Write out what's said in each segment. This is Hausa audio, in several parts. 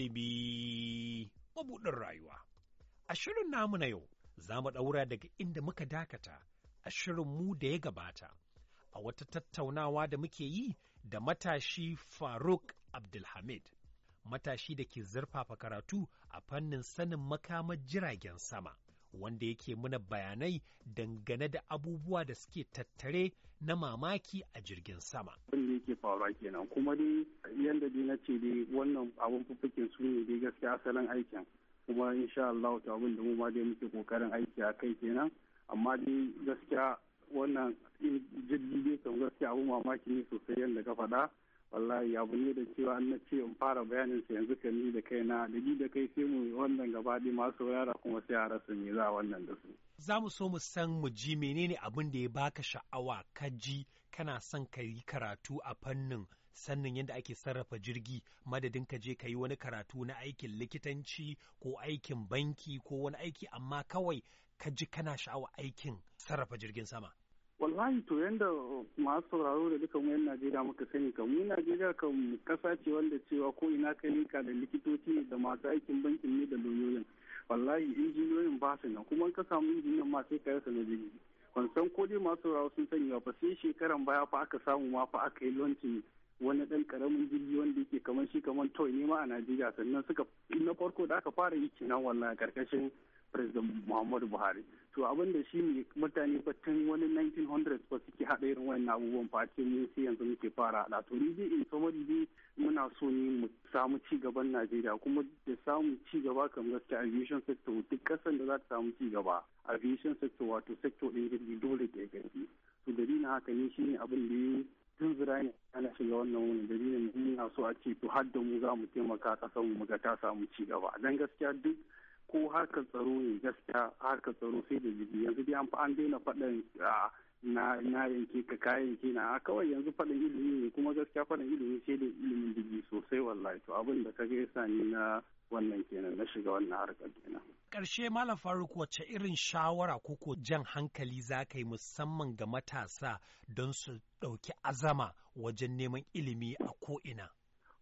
ilimi mabuɗin rayuwa. A shirin namu na yau za mu ɗaura daga inda muka dakata a shirin mu da ya gabata. A wata tattaunawa da muke yi da matashi Faruk Abdulhamid, matashi da ke zurfafa karatu a fannin sanin makamar jiragen sama. wanda yake mana bayanai dangane da abubuwa da suke tattare na mamaki a jirgin sama. Abin da yake faruwa kenan kuma dai yadda dai na ce dai wannan abun fufukin su ne dai gaskiya asalin aikin kuma insha Allah ta abin da mu ma dai muke kokarin aiki a kai kenan amma dai gaskiya wannan jirgi dai kan gaskiya abun mamaki ne sosai yadda ka faɗa wallahi abu ne da cewa an na ce in fara bayanin sa yanzu kan ni da kaina da ni da kai sai mu wannan gaba dai masu yara kuma sai a rasa me za wannan da su za mu so mu san mu ji menene abin da ya baka sha'awa ka ji kana son ka yi karatu a fannin sannin yadda ake sarrafa jirgi madadin ka je ka yi wani karatu na aikin likitanci ko aikin banki ko wani aiki amma kawai ka ji kana sha'awa aikin sarrafa jirgin sama wallahi to yanda masu sauraro da dukan wayan najeriya muka sani kan mu najeriya kan kasa ce wanda cewa ko ina kai linka da likitoci da masu aikin bankin ne da lauyoyin wallahi injiniyoyin ba su nan kuma ka samu injiniyan ma sai ka rasa na jirgi san ko dai masu sauraro sun sani ba sai shekaran baya fa aka samu ma fa aka yi launcin wani dan karamin jirgi wanda yake kamar shi kamar toy ne ma a najeriya sannan suka na farko da aka fara yi kenan a karkashin president muhammadu buhari to abin da shi ne mutane batun wani 1900 ba suke haɗa irin wannan abubuwan face mu sai yanzu muke fara haɗa to ni dai in somali dai muna so ne mu samu ci gaban najeriya kuma da samu ci gaba kan gaskiya aviation sector duk ƙasar da za ta samu ci gaba aviation sector wato sector ɗin jirgi dole ta gaske to na haka ne shi ne abin da ya tun zira ne ana shiga wannan wani dalilin na so a ce to har da mu za mu taimaka ƙasar mu ga ta samu ci gaba dan gaskiya duk ko harkar tsaro ne gaskiya harkar tsaro sai da jiki yanzu dai an fa an daina faɗin na na yanke ka kayan ke na kawai yanzu faɗin ilimi ne kuma gaskiya faɗin ilimi sai da ilimin jiki sosai wallahi to abin da kaga yasa ni na wannan kenan na shiga wannan harkar kenan Ƙarshe Malam Faruk wacce irin shawara ko ko jan hankali za ka yi musamman ga matasa don su ɗauki azama wajen neman ilimi a ko'ina?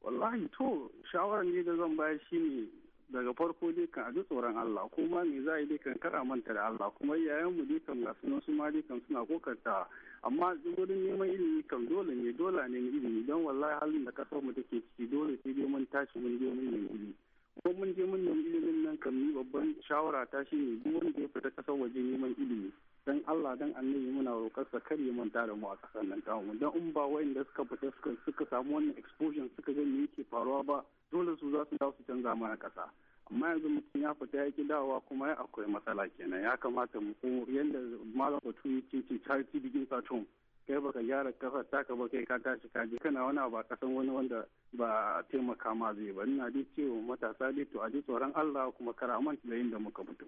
Wallahi to shawarar ne da zan bayar shi ne daga farko dai kan aji tsoron Allah kuma me za a yi dai kan kar manta da Allah kuma iyayen mu dai kan gasu su ma dai kan suna kokarta amma wurin neman ilimi kan dole ne dole ne ilimi don wallahi halin da kasar mu take ciki dole sai dai mun tashi mun je mun nemi ilimi ko mun je mun nemi ilimin nan kan yi babban shawara ta shi ne duk wanda ya fita kasar waje neman ilimi dan Allah dan annabi muna roƙar sa kar ya manta da mu a kasar nan tamu dan in ba wayanda suka fita suka samu wannan exposure suka ga me yake faruwa ba dole su za su dawo su canza mana kasa amma yanzu mutum ya fita ya ki dawowa kuma ya akwai matsala kenan ya kamata mu ko yadda malam batun ce ce charity bikin at home kai baka gyara kafa taka ba kai ka tashi ka je kana wani ba kasan wani wanda ba taimaka ma zai ba ina dai cewa matasa dai to a ji tsoron Allah kuma kara manta da da muka fito